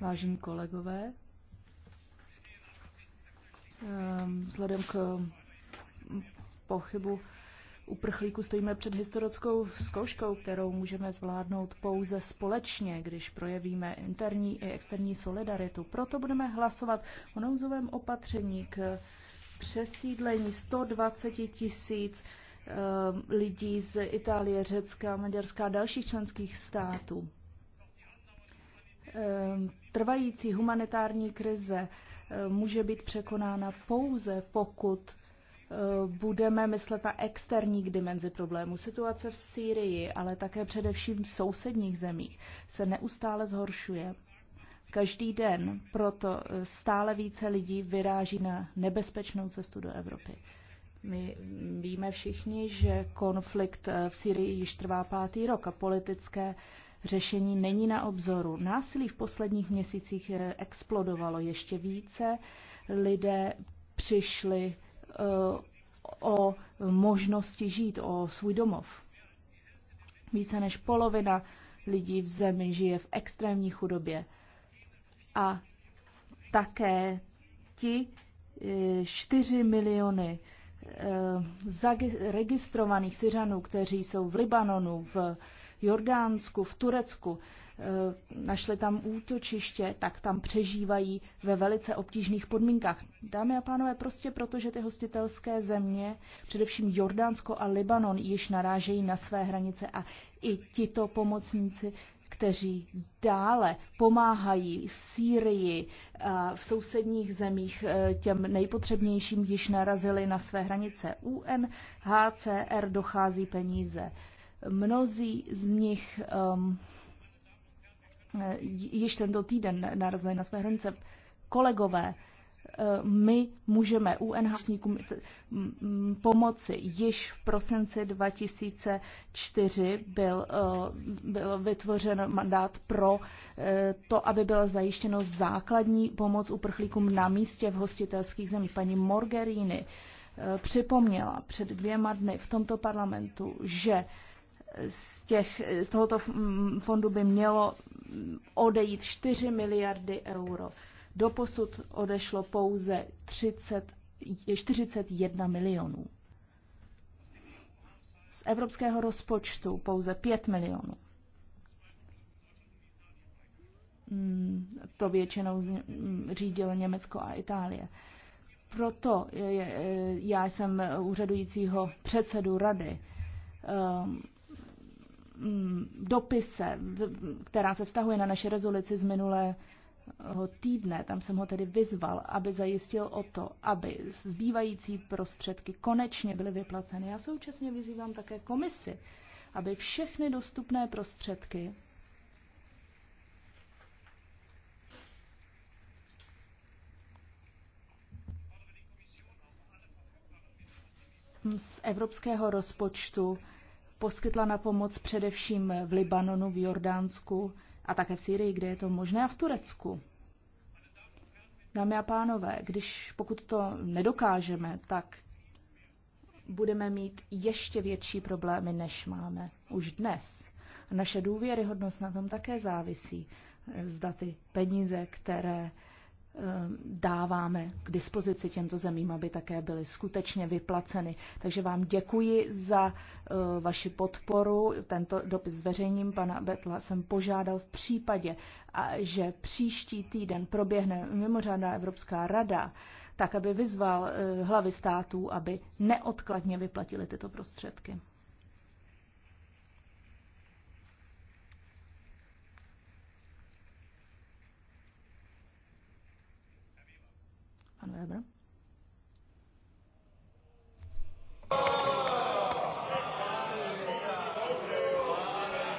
Vážení kolegové, ehm, vzhledem k pochybu Uprchlíku stojíme před historickou zkouškou, kterou můžeme zvládnout pouze společně, když projevíme interní i externí solidaritu. Proto budeme hlasovat o nouzovém opatření k přesídlení 120 tisíc ehm, lidí z Itálie, Řecka, Maďarska a dalších členských států. Ehm, trvající humanitární krize ehm, může být překonána pouze, pokud ehm, budeme myslet na externí dimenzi problému. Situace v Sýrii, ale také především v sousedních zemích, se neustále zhoršuje. Každý den proto stále více lidí vyráží na nebezpečnou cestu do Evropy. My víme všichni, že konflikt v Syrii již trvá pátý rok a politické řešení není na obzoru. Násilí v posledních měsících eh, explodovalo ještě více. Lidé přišli eh, o možnosti žít, o svůj domov. Více než polovina lidí v zemi žije v extrémní chudobě. A také ti 4 eh, miliony registrovaných Syřanů, kteří jsou v Libanonu, v Jordánsku, v Turecku, eh, našli tam útočiště, tak tam přežívají ve velice obtížných podmínkách. Dámy a pánové, prostě proto, že ty hostitelské země, především Jordánsko a Libanon, již narážejí na své hranice a i tito pomocníci kteří dále pomáhají v Sýrii, v sousedních zemích eh, těm nejpotřebnějším již narazili na své hranice. UNHCR dochází peníze. Mnozí z nich um, eh, již tento týden narazili na své hranice. Kolegové, eh, my můžeme UNHCníkům pomoci. Již v prosinci 2004 byl, eh, byl vytvořen mandát pro to, aby byla zajištěno základní pomoc uprchlíkům na místě v hostitelských zemích. Paní Morgerini připomněla před dvěma dny v tomto parlamentu, že z, těch, z tohoto fondu by mělo odejít 4 miliardy euro. Doposud odešlo pouze 30, 41 milionů. Z evropského rozpočtu pouze 5 milionů. Hmm, to většinou hmm, řídil Německo a Itálie. Proto já jsem úřadujícího předsedu rady. Ehm, Mm, dopise, která se vztahuje na naše rezoluci z minulého týdne, tam jsem ho tedy vyzval, aby zajistil o to, aby zbývající prostředky konečně byly vyplaceny. Já současně vyzývám také komisi, aby všechny dostupné prostředky z evropského rozpočtu poskytla na pomoc především v Libanonu, v Jordánsku a také v Syrii, kde je to možné, a v Turecku. Dámy a pánové, když pokud to nedokážeme, tak budeme mít ještě větší problémy, než máme už dnes. Naše důvěryhodnost na tom také závisí. Zda ty peníze, které Eh, dáváme k dispozici těmto zemím, aby také byly skutečně vyplaceny. Takže vám děkuji za eh, vaši podporu. Tento dopis zveřejním pana Betla jsem požádal v případě, že příští týden proběhne mimořádná Evropská rada, tak aby vyzval eh, hlavy států, aby neodkladně vyplatili tyto prostředky. pan Weber.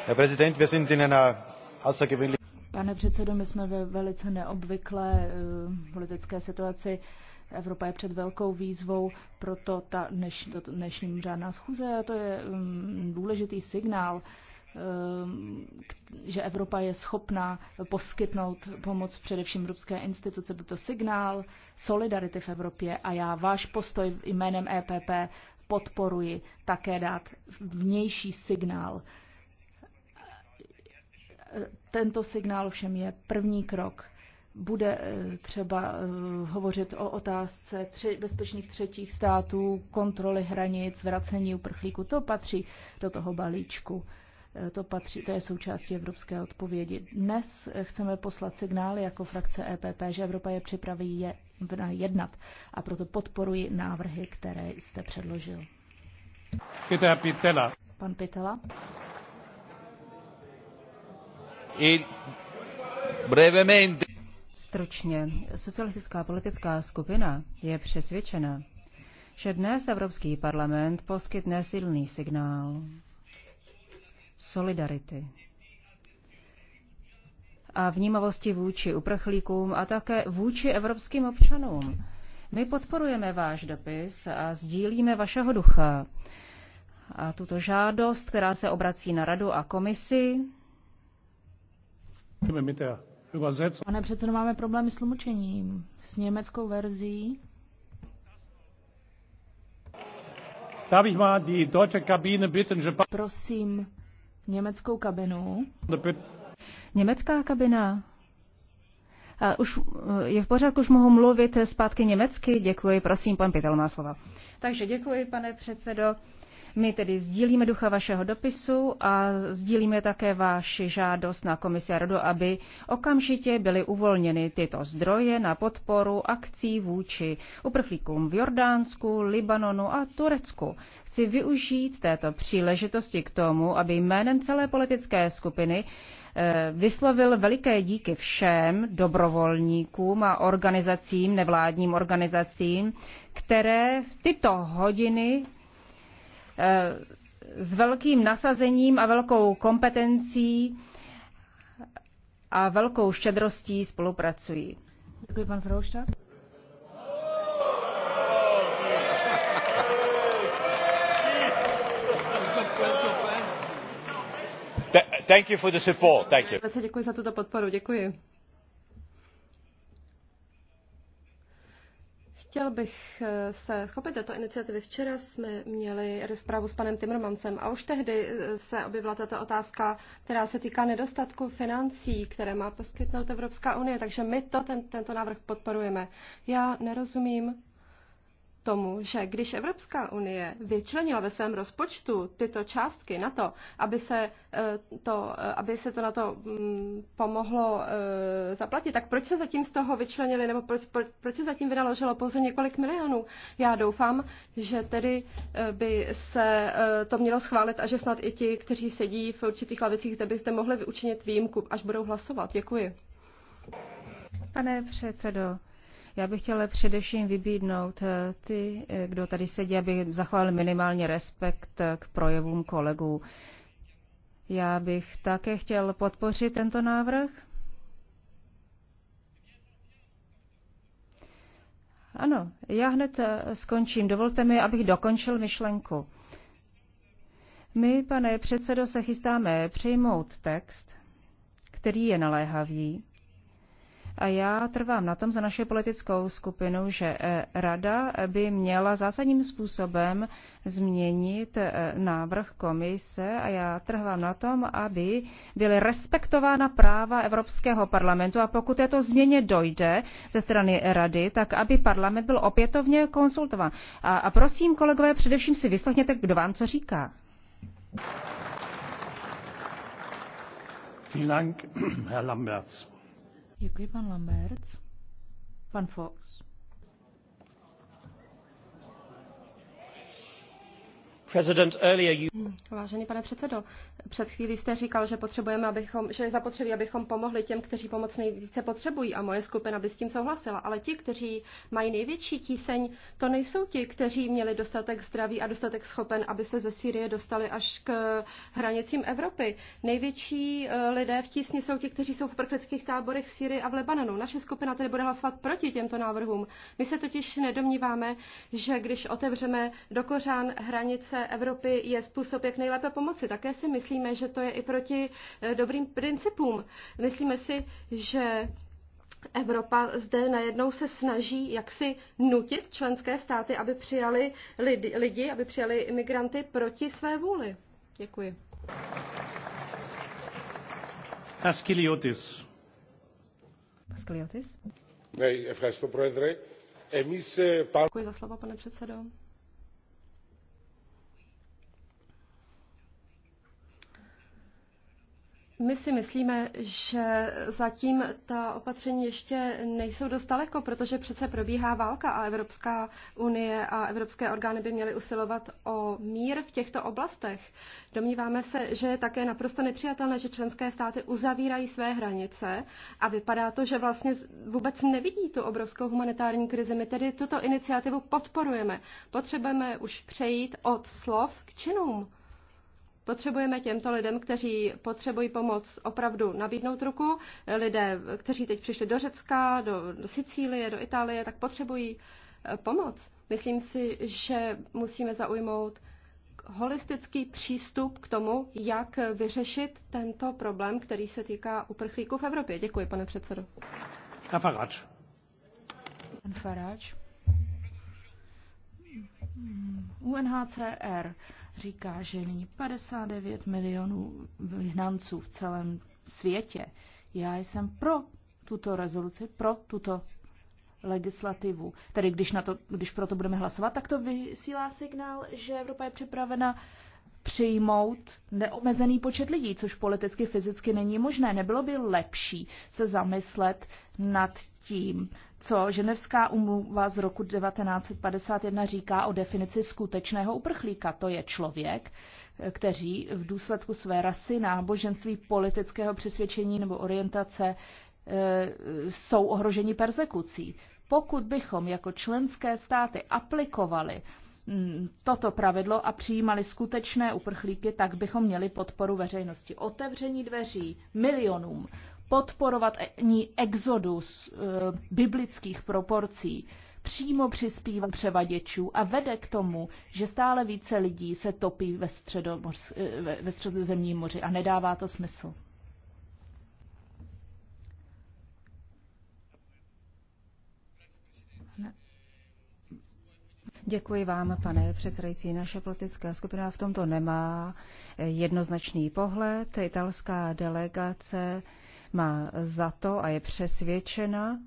Herr Präsident, wir sind in einer außergewöhnlichen Pane předsedo, my jsme ve velice neobvyklé uh, politické situaci. Evropa je před velkou výzvou, proto ta dneš, dnešní řádná schůze a to je um, důležitý signál. Uh, Ehm, že Evropa je schopná poskytnout pomoc především evropské instituce. Byl to signál solidarity v Evropě a já váš postoj jménem EPP podporuji také dát vnější signál. Tento signál všem je první krok. Bude eh, třeba eh, hovořit o otázce tři, bezpečných třetích států, kontroly hranic, vracení uprchlíků. To patří do toho balíčku Eh, to, patří, to je součástí evropské odpovědi. Dnes eh, chceme poslat signály jako frakce EPP, že Evropa je připraví je jednat a proto podporuji návrhy, které jste předložil. Pitela. Pan Pitela. I brevemente. Stručně, socialistická politická skupina je přesvědčena, že dnes Evropský parlament poskytne silný signál solidarity a vnímavosti vůči uprchlíkům a také vůči evropským občanům. My podporujeme váš dopis a sdílíme vašeho ducha a tuto žádost, která se obrací na radu a komisi. Pane předsedo, máme problémy s tlumočením, s německou verzí. Prosím, Německou kabinu. Německá kabina. A už eh, je v pořádku, už mohu mluvit zpátky německy. Děkuji, prosím, pan Pitel má slova. Takže děkuji, pane předsedo. My tedy sdílíme ducha vašeho dopisu a sdílíme také vaši žádost na komisi RODO, aby okamžitě byly uvolněny tyto zdroje na podporu akcí vůči uprchlíkům v Jordánsku, Libanonu a Turecku. Chci využít této příležitosti k tomu, aby jménem celé politické skupiny eh, vyslovil veliké díky všem dobrovolníkům a organizacím, nevládním organizacím, které v tyto hodiny s velkým nasazením a velkou kompetencí a velkou štědrostí spolupracují. Děkuji, pan Frouštát. Thank you for the support. Thank you. Děkuji za tuto podporu. Děkuji. Chtěl bych eh, se chopit této iniciativy. Včera jsme měli rozpravu s panem Timmermansem a už tehdy eh, se objevila tato otázka, která se týká nedostatku financí, které má poskytnout Evropská unie, takže my to, ten, tento návrh podporujeme. Já nerozumím tomu, že když Evropská unie vyčlenila ve svém rozpočtu tyto částky na to, aby se eh, to, eh, aby se to na to mm, pomohlo eh, zaplatit, tak proč se zatím z toho vyčlenili, nebo proč, proč, proč se zatím vynaložilo pouze několik milionů? Já doufám, že tedy by se to mělo schválit a že snad i ti, kteří sedí v určitých lavicích, kde byste mohli vyučinit výjimku, až budou hlasovat. Děkuji. Pane předsedo, já bych chtěla především vybídnout eh, ty, eh, kdo tady sedí, aby zachoval minimálně respekt eh, k projevům kolegů. Já bych také chtěl podpořit tento návrh. Ano, já hned skončím. Dovolte mi, abych dokončil myšlenku. My, pane předsedo, se chystáme přijmout text, který je naléhavý, a já trvám na tom za naše politickou skupinu, že eh, Rada by měla zásadním způsobem změnit eh, návrh komise a já trvám na tom, aby byly respektována práva Evropského parlamentu a pokud této změně dojde ze strany Rady, tak aby parlament byl opětovně konsultován. A, a prosím, kolegové, především si vyslechněte, kdo vám co říká. Vielen Dank, Herr Lamberts. Děkuji, pan Lamberts. Pan Fox. Hmm, vážený pane předsedo, před chvílí jste říkal, že potřebujeme, abychom, že je zapotřebí, abychom pomohli těm, kteří pomoc nejvíce potřebují a moje skupina by s tím souhlasila. Ale ti, kteří mají největší tíseň, to nejsou ti, kteří měli dostatek zdraví a dostatek schopen, aby se ze Sýrie dostali až k hranicím Evropy. Největší eh, lidé v tísni jsou ti, kteří jsou v prklických táborech v Sýrii a v Lebanonu. Naše skupina tedy bude hlasovat proti těmto návrhům. My se totiž nedomníváme, že když otevřeme do kořán hranice Evropy je způsob, jak nejlépe pomoci. Také si myslíme, že to je i proti eh, dobrým principům. Myslíme si, že Evropa zde najednou se snaží jaksi nutit členské státy, aby přijali lidi, lidi aby přijali imigranty proti své vůli. Děkuji. Askiliotis. Askiliotis. Děkuji za slovo, pane předsedo. My si myslíme, že zatím ta opatření ještě nejsou dost daleko, protože přece probíhá válka a Evropská unie a evropské orgány by měly usilovat o mír v těchto oblastech. Domníváme se, že je také naprosto nepřijatelné, že členské státy uzavírají své hranice a vypadá to, že vlastně vůbec nevidí tu obrovskou humanitární krizi. My tedy tuto iniciativu podporujeme. Potřebujeme už přejít od slov k činům. Potřebujeme těmto lidem, kteří potřebují pomoc, opravdu nabídnout ruku. Lidé, kteří teď přišli do Řecka, do, do Sicílie, do Itálie, tak potřebují eh, pomoc. Myslím si, že musíme zaujmout holistický přístup k tomu, jak vyřešit tento problém, který se týká uprchlíků v Evropě. Děkuji, pane předsedo. Pan hmm. UNHCR říká, že nyní 59 milionů vyhnanců v celém světě. Já jsem pro tuto rezoluci, pro tuto legislativu. Tedy když, na to, když pro to budeme hlasovat, tak to vysílá signál, že Evropa je připravena přijmout neomezený počet lidí, což politicky, fyzicky není možné. Nebylo by lepší se zamyslet nad tím, co Ženevská umluva z roku 1951 říká o definici skutečného uprchlíka. To je člověk, kteří v důsledku své rasy, náboženství, politického přesvědčení nebo orientace e, jsou ohroženi persekucí. Pokud bychom jako členské státy aplikovali mm, toto pravidlo a přijímali skutečné uprchlíky, tak bychom měli podporu veřejnosti. Otevření dveří milionům podporovat ní exodus eh, biblických proporcí přímo přispívá převaděčů a vede k tomu, že stále více lidí se topí ve, e, ve středozemním moři a nedává to smysl. Děkuji vám, pane předsedající. Naše politická skupina v tomto nemá jednoznačný pohled. Italská delegace má za to a je přesvědčena,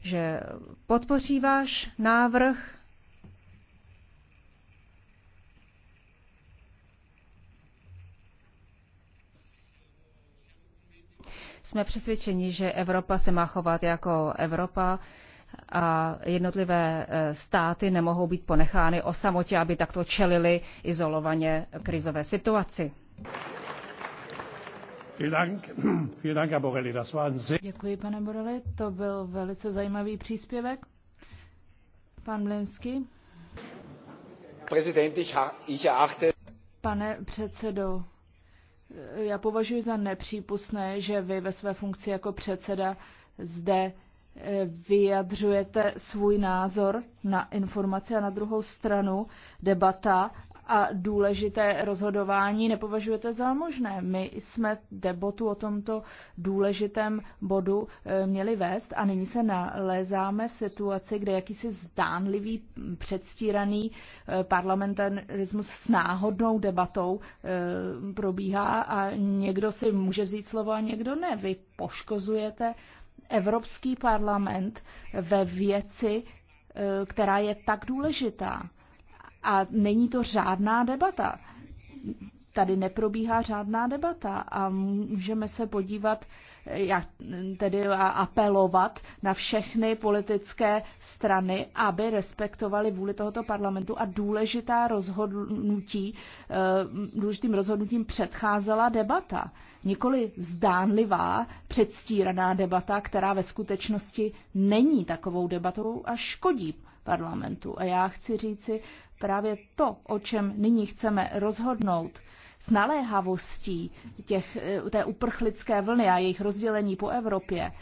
že podpoří váš návrh jsme přesvědčeni, že Evropa se má chovat jako Evropa a jednotlivé eh, státy nemohou být ponechány o samotě, aby takto čelili izolovaně krizové situaci. Děkuji, pane Borelli. To byl velice zajímavý příspěvek. Pan Blimsky. Pane předsedo, já považuji za nepřípustné, že vy ve své funkci jako předseda zde eh, vyjadřujete svůj názor na informace a na druhou stranu debata a důležité rozhodování nepovažujete za možné. My jsme debatu o tomto důležitém bodu e, měli vést a nyní se nalézáme v situaci, kde jakýsi zdánlivý předstíraný e, parlamentarismus s náhodnou debatou e, probíhá a někdo si může vzít slovo a někdo ne. Vy poškozujete Evropský parlament ve věci, která je tak důležitá. A není to řádná debata. Tady neprobíhá řádná debata a můžeme se podívat, jak tedy apelovat na všechny politické strany, aby respektovali vůli tohoto parlamentu a důležitá rozhodnutí, eh, důležitým rozhodnutím předcházela debata. Nikoli zdánlivá, předstíraná debata, která ve skutečnosti není takovou debatou a škodí parlamentu. A já chci říci právě to, o čem nyní chceme rozhodnout, s naléhavostí těch, eh, té uprchlické vlny a jejich rozdělení po Evropě, eh,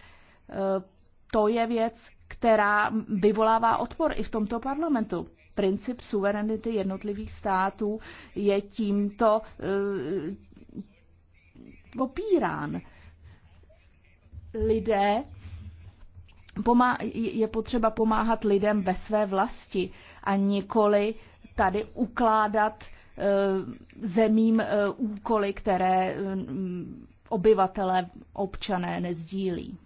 to je věc, která vyvolává odpor i v tomto parlamentu. Princip suverenity jednotlivých států je tímto uh, opírán. Lidé je potřeba pomáhat lidem ve své vlasti a nikoli tady ukládat eh, zemím eh, úkoly, které mm, obyvatele, občané nezdílí.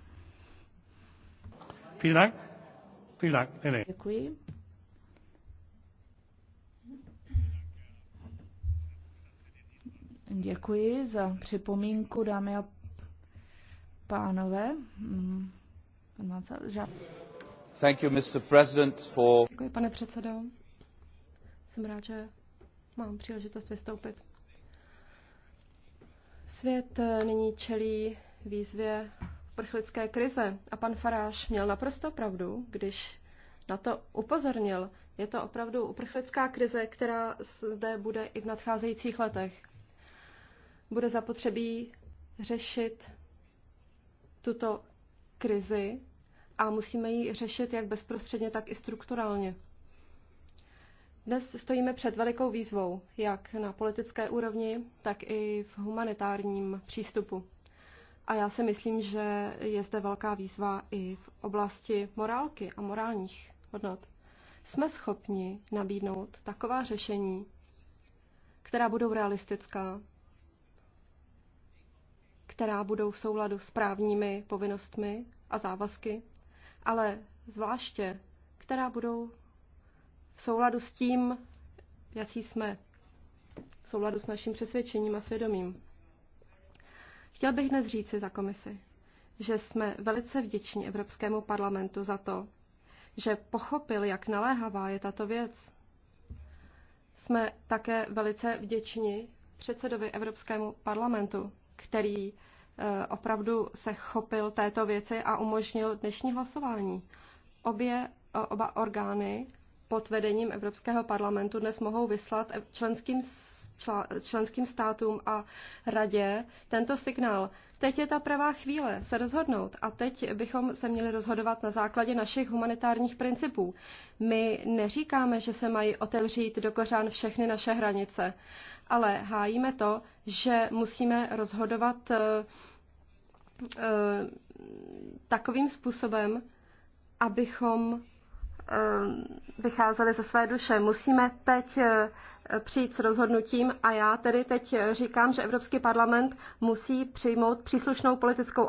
Děkuji. Děkuji za připomínku, dámy a pánové. Mm. Thank you, Mr. President, for... Děkuji, pane předsedo. Jsem rád, že mám příležitost vystoupit. Svět nyní čelí výzvě prchlické krize a pan Faráš měl naprosto pravdu, když na to upozornil. Je to opravdu uprchlická krize, která zde bude i v nadcházejících letech. Bude zapotřebí řešit tuto krizi a musíme ji řešit jak bezprostředně, tak i strukturálně. Dnes stojíme před velikou výzvou, jak na politické úrovni, tak i v humanitárním přístupu. A já si myslím, že je zde velká výzva i v oblasti morálky a morálních hodnot. Jsme schopni nabídnout taková řešení, která budou realistická, která budou v souladu s právními povinnostmi a závazky, ale zvláště, která budou v souladu s tím, jaký jsme, v souladu s naším přesvědčením a svědomím. Chtěl bych dnes říci za komisi, že jsme velice vděční Evropskému parlamentu za to, že pochopil, jak naléhavá je tato věc. Jsme také velice vděční předsedovi Evropskému parlamentu, který Eh, opravdu se chopil této věci a umožnil dnešní hlasování. Obě, eh, oba orgány pod vedením Evropského parlamentu dnes mohou vyslat členským, členským státům a radě tento signál. Teď je ta pravá chvíle se rozhodnout a teď bychom se měli rozhodovat na základě našich humanitárních principů. My neříkáme, že se mají otevřít do kořán všechny naše hranice, ale hájíme to, že musíme rozhodovat uh, Eh, takovým způsobem, abychom eh, vycházeli ze své duše. Musíme teď eh, přijít s rozhodnutím a já tedy teď říkám, že Evropský parlament musí přijmout příslušnou politickou